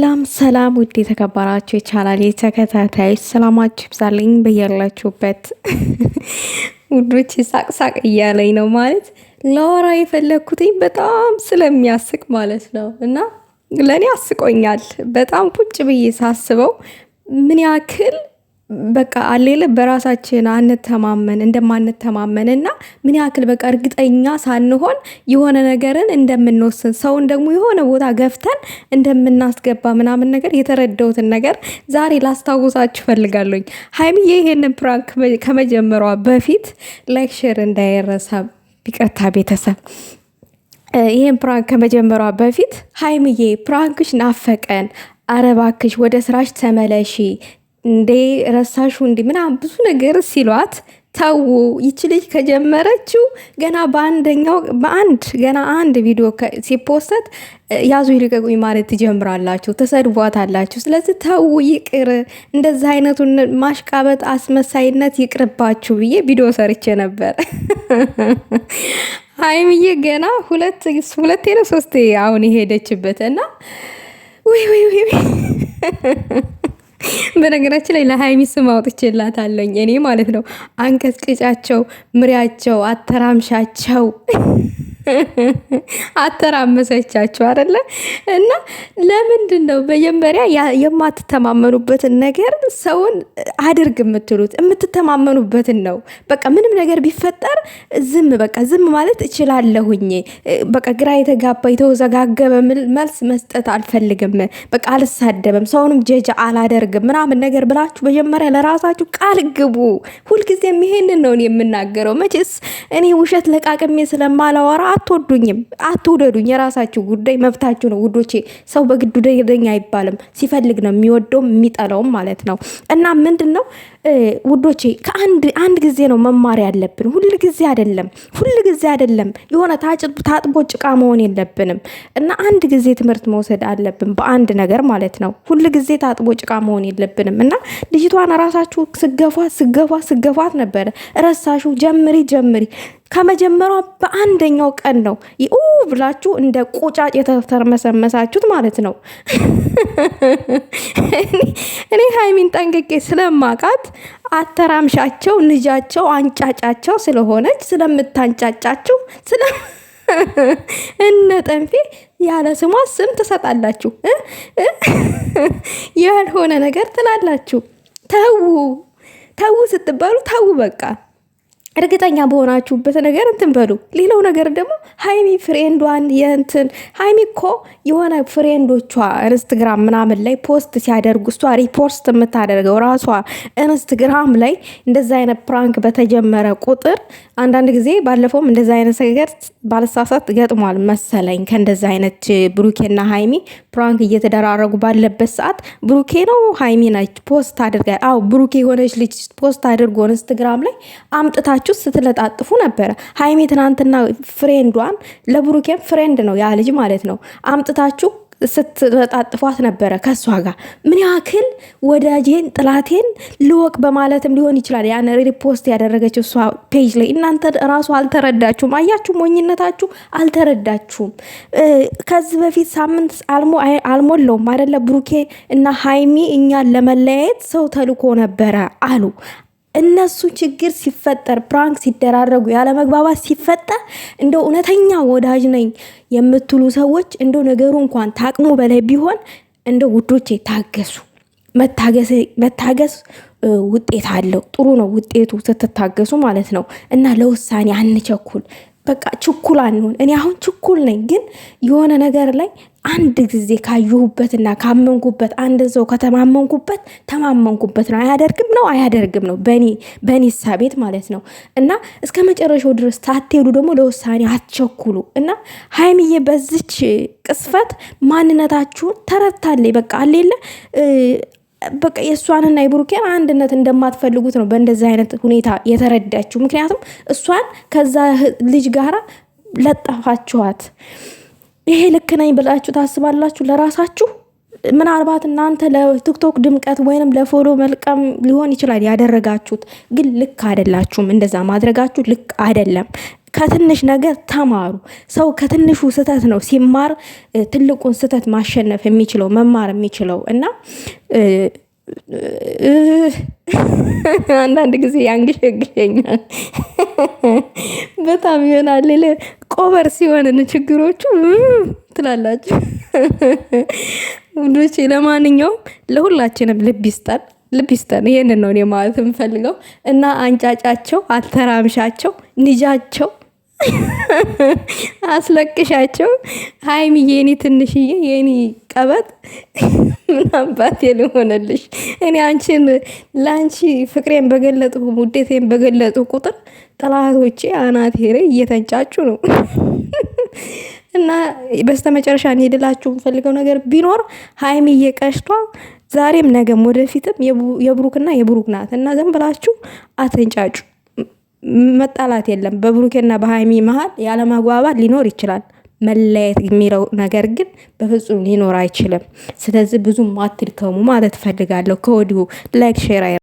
ሰላም ሰላም ውድ የተከበራችሁ ይቻላል ተከታታዮች ሰላማችሁ ይብዛልኝ በያላችሁበት። ውዶች ሳቅሳቅ እያለኝ ነው ማለት ለወራ የፈለግኩትኝ በጣም ስለሚያስቅ ማለት ነው እና ለእኔ አስቆኛል በጣም ቁጭ ብዬ ሳስበው ምን ያክል በቃ አሌለ በራሳችን አንተማመን እንደማንተማመን እና ምን ያክል በቃ እርግጠኛ ሳንሆን የሆነ ነገርን እንደምንወስን ሰውን ደግሞ የሆነ ቦታ ገፍተን እንደምናስገባ ምናምን ነገር የተረዳሁትን ነገር ዛሬ ላስታውሳችሁ ፈልጋለኝ። ሀይሚዬ ይሄንን ፕራንክ ከመጀመሯ በፊት ላይክሽር እንዳይረሳ ቢቀርታ ቤተሰብ ይህን ፕራንክ ከመጀመሯ በፊት ሀይምዬ ፕራንክሽ ናፈቀን አረባክሽ ወደ ስራሽ ተመለሺ እንዴ ረሳሹ እንዲ ምናምን ብዙ ነገር ሲሏት ተዉ ይች ልጅ ከጀመረችው ገና በአንደኛው በአንድ ገና አንድ ቪዲዮ ሲፖሰት ያዙ ይልቀቁኝ ማለት ትጀምራላችሁ፣ ተሰድቧታላችሁ። ስለዚህ ተዉ ይቅር፣ እንደዛ አይነቱን ማሽቃበጥ አስመሳይነት ይቅርባችሁ ብዬ ቪዲዮ ሰርቼ ነበር። ሀይምዬ ገና ሁለት ሁለቴ ነው ሶስቴ አሁን የሄደችበት እና ወይ ወይ ወይ በነገራችን ላይ ለሀይሚ ስም አውጥቼላታለሁ እኔ ማለት ነው። አንቀጽቅጫቸው፣ ምሪያቸው፣ አተራምሻቸው አተራመሰቻችሁ አይደለ? እና ለምንድን ነው መጀመሪያ የማትተማመኑበትን ነገር ሰውን አድርግ የምትሉት? የምትተማመኑበትን ነው። በቃ ምንም ነገር ቢፈጠር ዝም በቃ ዝም ማለት እችላለሁኝ። በቃ ግራ የተጋባ የተወዘጋገበ መልስ መስጠት አልፈልግም። በቃ አልሳደበም ሰውንም ጀጃ አላደርግም ምናምን ነገር ብላችሁ መጀመሪያ ለራሳችሁ ቃል ግቡ። ሁልጊዜም ይሄንን ነው የምናገረው። መቼስ እኔ ውሸት ለቃቅሜ ስለማላወራ አትወዱኝም፣ አትውደዱኝ፣ የራሳችሁ ጉዳይ መብታችሁ ነው ውዶቼ። ሰው በግዱ ደደኛ አይባልም። ሲፈልግ ነው የሚወደውም የሚጠላውም ማለት ነው። እና ምንድን ነው ውዶቼ ከአንድ ጊዜ ነው መማር ያለብን፣ ሁል ጊዜ አይደለም፣ ሁል ጊዜ አይደለም። የሆነ ታጥቦ ጭቃ መሆን የለብንም እና አንድ ጊዜ ትምህርት መውሰድ አለብን በአንድ ነገር ማለት ነው። ሁል ጊዜ ታጥቦ ጭቃ መሆን የለብንም እና ልጅቷን ራሳችሁ ስገፏት ስገፏት ስገፏት ነበረ። ረሳሹ ጀምሪ ጀምሪ ከመጀመሯ በአንደኛው ቀን ነው ኡ ብላችሁ እንደ ቁጫጭ የተተርመሰመሳችሁት ማለት ነው። እኔ ሀይሚን ጠንቅቄ ስለማቃት አተራምሻቸው፣ ንጃቸው፣ አንጫጫቸው ስለሆነች ስለምታንጫጫችሁ ስለ እነ ጠንፌ ያለ ስሟ ስም ትሰጣላችሁ፣ ያልሆነ ነገር ትላላችሁ። ተዉ ተዉ ስትባሉ ተዉ በቃ። እርግጠኛ በሆናችሁበት ነገር እንትን በሉ። ሌላው ነገር ደግሞ ሀይሚ ፍሬንዷን የእንትን ሀይሚ እኮ የሆነ ፍሬንዶቿ ኢንስትግራም ምናምን ላይ ፖስት ሲያደርጉ እሷ ሪፖስት የምታደርገው ራሷ ኢንስትግራም ላይ እንደዛ አይነት ፕራንክ በተጀመረ ቁጥር አንዳንድ ጊዜ ባለፈውም እንደዛ አይነት ነገር ባለሳሳት ገጥሟል መሰለኝ። ከእንደዚ አይነት ብሩኬና ሀይሚ ፕራንክ እየተደራረጉ ባለበት ሰዓት ብሩኬ ነው ሀይሚ ነች ፖስት አድርጋ አዎ ብሩኬ የሆነች ልጅ ፖስት አድርጎ ኢንስትግራም ላይ አምጥታ እየጻፋችሁ ስትለጣጥፉ ነበረ። ሀይሚ ትናንትና ፍሬንዷን ለብሩኬም ፍሬንድ ነው ያ ልጅ ማለት ነው አምጥታችሁ ስትለጣጥፏት ነበረ ከእሷ ጋር ምን ያክል ወዳጄን ጥላቴን ልወቅ በማለትም ሊሆን ይችላል። ያን ሪፖስት ያደረገችው እሷ ፔጅ ላይ እናንተ ራሱ አልተረዳችሁም። አያችሁ፣ ሞኝነታችሁ አልተረዳችሁም። ከዚህ በፊት ሳምንት አልሞላውም አይደለ ብሩኬ እና ሀይሚ እኛን ለመለያየት ሰው ተልኮ ነበረ አሉ። እነሱ ችግር ሲፈጠር ፕራንክ ሲደራረጉ ያለመግባባት ሲፈጠር እንደው እውነተኛ ወዳጅ ነኝ የምትሉ ሰዎች እንደው ነገሩ እንኳን ታቅሙ በላይ ቢሆን እንደ ውዶቼ ታገሱ። መታገስ ውጤት አለው። ጥሩ ነው ውጤቱ ስትታገሱ ማለት ነው። እና ለውሳኔ አንቸኩል። በቃ ችኩል አንሆን። እኔ አሁን ችኩል ነኝ፣ ግን የሆነ ነገር ላይ አንድ ጊዜ ካየሁበትና ካመንኩበት አንድ ሰው ከተማመንኩበት ተማመንኩበት ነው። አያደርግም ነው አያደርግም ነው በእኔ ሳቤት ማለት ነው። እና እስከ መጨረሻው ድረስ ሳትሄዱ ደግሞ ለውሳኔ አትቸኩሉ። እና ሀይምዬ በዚች ቅስፈት ማንነታችሁን ተረድታለች። በቃ አሌለ በቃ የእሷንና የብሩኬን አንድነት እንደማትፈልጉት ነው በእንደዚህ አይነት ሁኔታ የተረዳችው። ምክንያቱም እሷን ከዛ ልጅ ጋራ ለጠፋችኋት። ይሄ ልክ ነኝ ብላችሁ ታስባላችሁ ለራሳችሁ። ምናልባት እናንተ ለቲክቶክ ድምቀት ወይንም ለፎሎ መልቀም ሊሆን ይችላል ያደረጋችሁት፣ ግን ልክ አይደላችሁም። እንደዛ ማድረጋችሁ ልክ አይደለም። ከትንሽ ነገር ተማሩ። ሰው ከትንሹ ስህተት ነው ሲማር ትልቁን ስህተት ማሸነፍ የሚችለው መማር የሚችለው እና አንዳንድ ጊዜ ያንገሸግሸኛል በጣም ይሆናል። ሌላ ቆበር ሲሆንን ችግሮቹ ትላላችሁ። ውዶች ለማንኛውም ለሁላችንም ልብ ይስጠን፣ ልብ ይስጠን። ይህንን ነው እኔ ማለት የምፈልገው እና አንጫጫቸው፣ አተራምሻቸው፣ ንጃቸው፣ አስለቅሻቸው። ሀይሚ የኔ ትንሽዬ የኔ ቀበጥ ምናባት ሊሆነልሽ እኔ አንቺን ለአንቺ ፍቅሬን በገለጥኩ ውዴቴን በገለጥኩ ቁጥር ጠላቶቼ አናቴ ላይ እየተንጫጩ ነው። እና በስተመጨረሻ እንሄድላችሁ የምፈልገው ነገር ቢኖር ሀይሚዬ እየቀሽቷ ዛሬም ነገም ወደፊትም የብሩክና የብሩክ ናት እና ዝም ብላችሁ አትንጫጩ። መጣላት የለም። በብሩኬና በሀይሚ መሀል ያለማግባባት ሊኖር ይችላል። መለያየት የሚለው ነገር ግን በፍጹም ሊኖር አይችልም። ስለዚህ ብዙም አትድከሙ ማለት ፈልጋለሁ ከወዲሁ ላይክ ሼር